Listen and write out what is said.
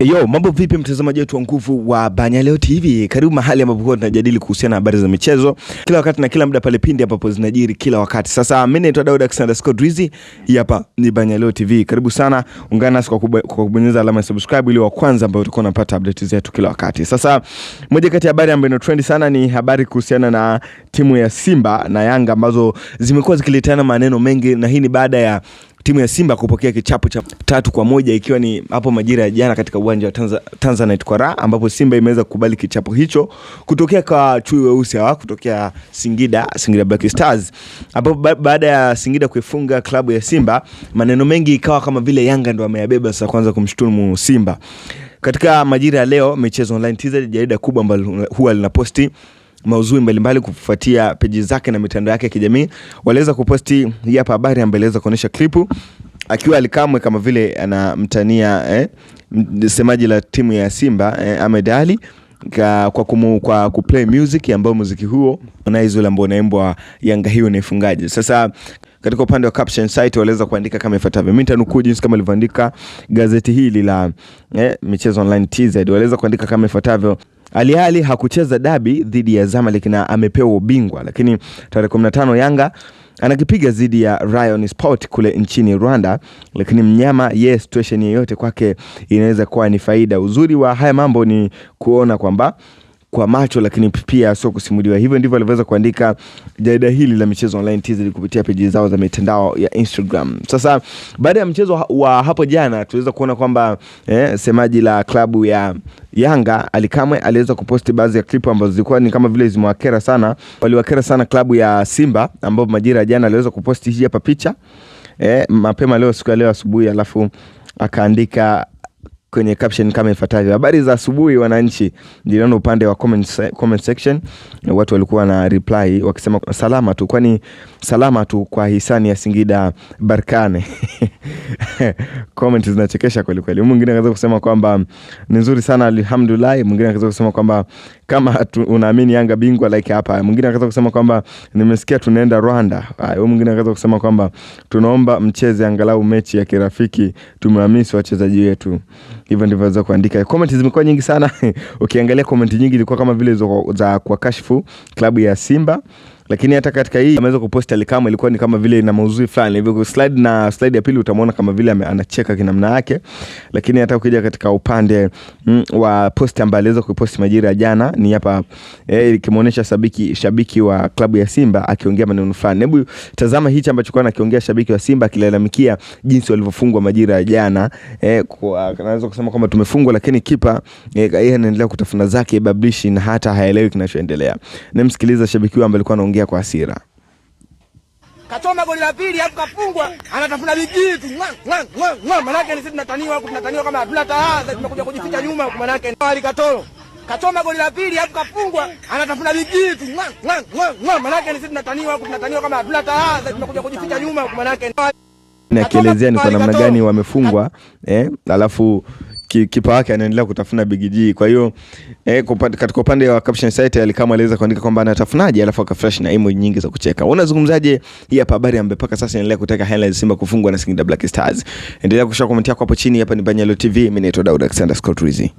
Yo, mambo vipi mtazamaji wetu wa nguvu wa Banya Leo TV. Karibu mahali ambapo huwa tunajadili kuhusiana na habari za michezo kila wakati na kila muda pale pindi ambapo zinajiri kila wakati. Sasa mimi naitwa Daud Alexander Scott Drizzy, hapa ni Banya Leo TV. Karibu sana, ungana nasi kwa kubonyeza alama ya subscribe ili wa kwanza ambao utakuwa unapata update zetu kila wakati. Sasa moja kati ya habari ambayo ina trend sana ni habari kuhusiana na timu ya Simba na Yanga ambazo zimekuwa zikiletana maneno mengi na hii ni baada ya timu ya Simba kupokea kichapo cha tatu kwa moja ikiwa ni hapo majira ya jana katika uwanja wa Tanzanite kwa Raha ambapo Simba imeweza kukubali kichapo hicho kutokea kwa chui weusi hawa kutokea Singida, Singida Black Stars, ambapo ba baada ya Singida kuifunga klabu ya Simba, maneno mengi ikawa kama vile Yanga ndo ameyabeba sasa, kwanza kumshutumu Simba. Katika majira ya leo, Michezo Online TZ, jarida kubwa ambalo huwa linaposti mauzui mbalimbali kufuatia peji zake na mitandao yake ya kijamii. Waliweza kuposti hii hapa habari ambayo iliweza kuonyesha klipu akiwa Alikamwe kama vile anamtania eh, semaji la timu ya Simba eh, Ahmed Ally kwa, kwa, kumu, kwa kuplay music ambayo muziki huo Harmonize ule ambao unaimbwa Yanga hiyo naifungaje. Sasa katika upande wa caption site waliweza kuandika kama ifuatavyo. Mimi nitanukuu jinsi kama ilivyoandika gazeti hili la eh, michezo online TZ, waliweza kuandika kama ifuatavyo Alihali hakucheza dabi dhidi ya Zamalek na amepewa ubingwa, lakini tarehe 15 Yanga anakipiga dhidi ya Rayon Sport kule nchini Rwanda. Lakini mnyama ye, situation yeyote kwake inaweza kuwa ni faida. Uzuri wa haya mambo ni kuona kwamba kwa macho, lakini pia sio kusimuliwa. Hivyo ndivyo alivyoweza kuandika jarida hili la michezo online TZ kupitia peji zao za mitandao ya Instagram. Sasa baada ya mchezo wa hapo jana, tuliweza kuona kwamba eh, semaji la klabu ya Yanga alikamwe aliweza kuposti baadhi ya klipu ambazo zilikuwa ni kama vile zimewakera sana, waliwakera sana klabu ya Simba ambao majira ya jana aliweza kuposti hii hapa picha eh, mapema leo siku ya leo asubuhi, alafu akaandika kwenye caption kama ifuatavyo: habari za asubuhi wananchi. Niliona upande wa comment, comment section watu walikuwa na reply wakisema salama tu, kwani salama tu kwa hisani ya Singida Barkane. Comment zinachekesha kweli kweli. Mwingine anaweza kusema kwamba ni nzuri sana alhamdulillah. Mwingine anaweza kusema kwamba kama unaamini Yanga bingwa like hapa. Mwingine anaweza kusema kwamba nimesikia tunaenda Rwanda. Huyo mwingine anaweza kusema kwamba tunaomba mcheze angalau mechi ya kirafiki, tumehamisi wachezaji wetu. Hivyo ndivyo anaweza kuandika. Comment zimekuwa nyingi sana. Ukiangalia comment nyingi ilikuwa kama vile za kwa kashifu klabu ya Simba lakini hata katika hii ameweza kuposti alikama ilikuwa ni kama vile ina mauzui fulani hivyo. Slide na slide ya pili utamwona kama vile anacheka kinamna yake, lakini hata ukija katika upande mm, wa posti ambayo aliweza kuposti majira ya jana ni hapa eh, ikimuonesha shabiki, shabiki wa klabu ya Simba akiongea maneno fulani. Hebu tazama hichi ambacho kwa anakiongea shabiki wa Simba akilalamikia jinsi walivyofungwa majira ya jana eh, kwa anaweza kusema kwamba tumefungwa, lakini kipa eh, yeye eh, anaendelea kutafuna zake bablishi na hata haelewi kinachoendelea. Nemsikiliza shabiki huyo ambaye alikuwa anaongea aliingia kwa hasira. Kachoma goli la pili hapo kafungwa, anatafuna bigii tu. Maana ni sisi tunataniwa huko, tunataniwa kama hatuna tahadhari, tumekuja kujificha nyuma huko. manake yake Ali Katoro kachoma goli la pili hapo kafungwa, anatafuna bigii tu. Maana ni sisi tunataniwa huko, tunataniwa kama hatuna tahadhari, tumekuja kujificha nyuma huko. manake yake ni kwa namna gani wamefungwa eh, alafu kipa wake anaendelea kutafuna Big Kwa hiyo eh, katika upande wa caption site alikama aliweza kuandika kwamba anatafunaje, alafu akafresh na emoji nyingi za kucheka. Unazungumzaje hii hapa habari ambayo mpaka sasa inaendelea kuteka headlines, Simba kufungwa na Singida Black Stars? Endelea kushare comment yako hapo chini. Hapa ni Banyalo TV, mimi naitwa Daud Alexander Scott Rizzi.